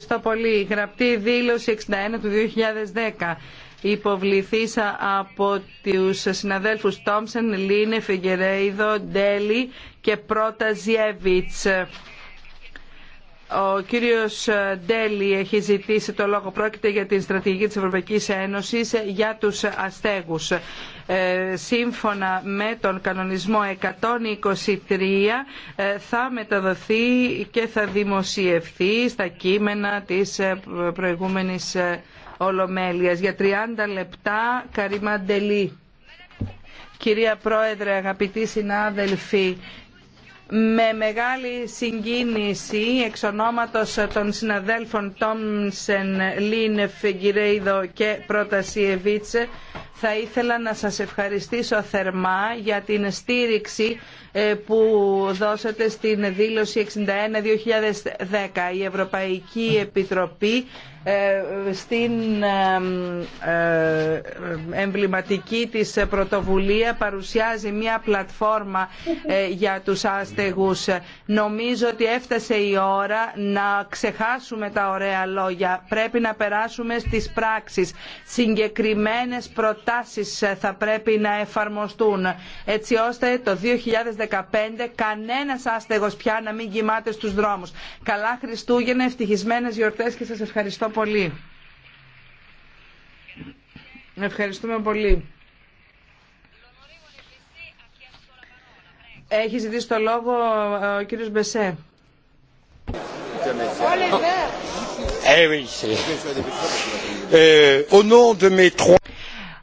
Ευχαριστώ πολύ. Γραπτή δήλωση 61 του 2010 υποβληθήσα από τους συναδέλφους Τόμσεν, Λίνε, Φιγκερέιδο, Ντέλη και Πρώτα Ζιέβιτς. Ο κύριος Ντέλη έχει ζητήσει το λόγο. Πρόκειται για την στρατηγική της Ευρωπαϊκής Ένωσης για τους αστέγους. Ε, σύμφωνα με τον κανονισμό 123 ε, θα μεταδοθεί και θα δημοσιευθεί στα κείμενα της ε, προηγούμενης Ολομέλειας. Για 30 λεπτά Καρίμα Κυρία Πρόεδρε, αγαπητοί συνάδελφοι, με μεγάλη συγκίνηση εξ ονόματος των συναδέλφων Τόμσεν, Λίνεφ, Γκυρέιδο και Πρότασιεβίτσε θα ήθελα να σας ευχαριστήσω θερμά για την στήριξη ε, που δώσατε στην δήλωση 61-2010. Η Ευρωπαϊκή Επιτροπή ε, στην ε, εμβληματική της πρωτοβουλία παρουσιάζει μια πλατφόρμα για τους άστεγους. Νομίζω ότι έφτασε η ώρα να ξεχάσουμε τα ωραία λόγια. Πρέπει να περάσουμε στις πράξεις. Συγκεκριμένες προτάσεις προτάσεις θα πρέπει να εφαρμοστούν έτσι ώστε το 2015 κανένας άστεγος πια να μην κοιμάται στους δρόμους. Καλά Χριστούγεννα, ευτυχισμένες γιορτές και σας ευχαριστώ πολύ. Ευχαριστούμε πολύ. Έχει ζητήσει το λόγο ο κύριος Μπεσέ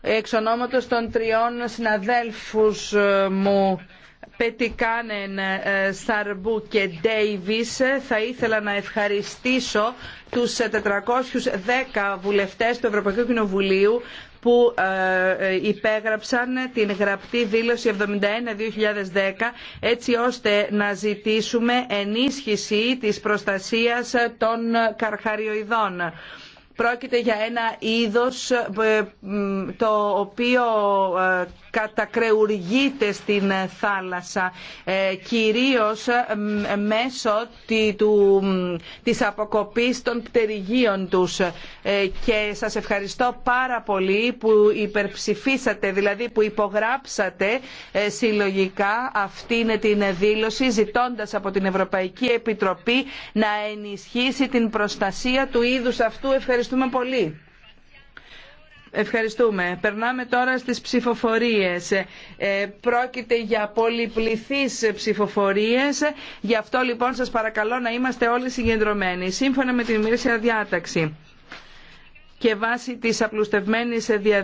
εξ ονόματος των τριών συναδέλφους ε, μου Πετικάνεν, ε, Σαρμπού και Ντέιβις ε, θα ήθελα να ευχαριστήσω τους 410 βουλευτές του Ευρωπαϊκού Κοινοβουλίου που υπέγραψαν την γραπτή δήλωση 71-2010 έτσι ώστε να ζητήσουμε ενίσχυση της προστασίας των καρχαριοειδών. Πρόκειται για ένα είδος ε, το οποίο ε, κατακρεουργείται στην θάλασσα ε, κυρίως μέσω της αποκοπής των πτερυγίων τους και σας ευχαριστώ πάρα πολύ που υπερψηφίσατε δηλαδή που υπογράψατε συλλογικά αυτήν την δήλωση ζητώντας από την Ευρωπαϊκή Επιτροπή να ενισχύσει την προστασία του είδους αυτού. Ευχαριστώ. Ευχαριστούμε πολύ. Ευχαριστούμε. Περνάμε τώρα στις ψηφοφορίες. Ε, πρόκειται για πολυπληθείς ψηφοφορίες. Γι' αυτό λοιπόν σας παρακαλώ να είμαστε όλοι συγκεντρωμένοι. Σύμφωνα με την ημερήσια διάταξη και βάσει της απλουστευμένης διαδικασίας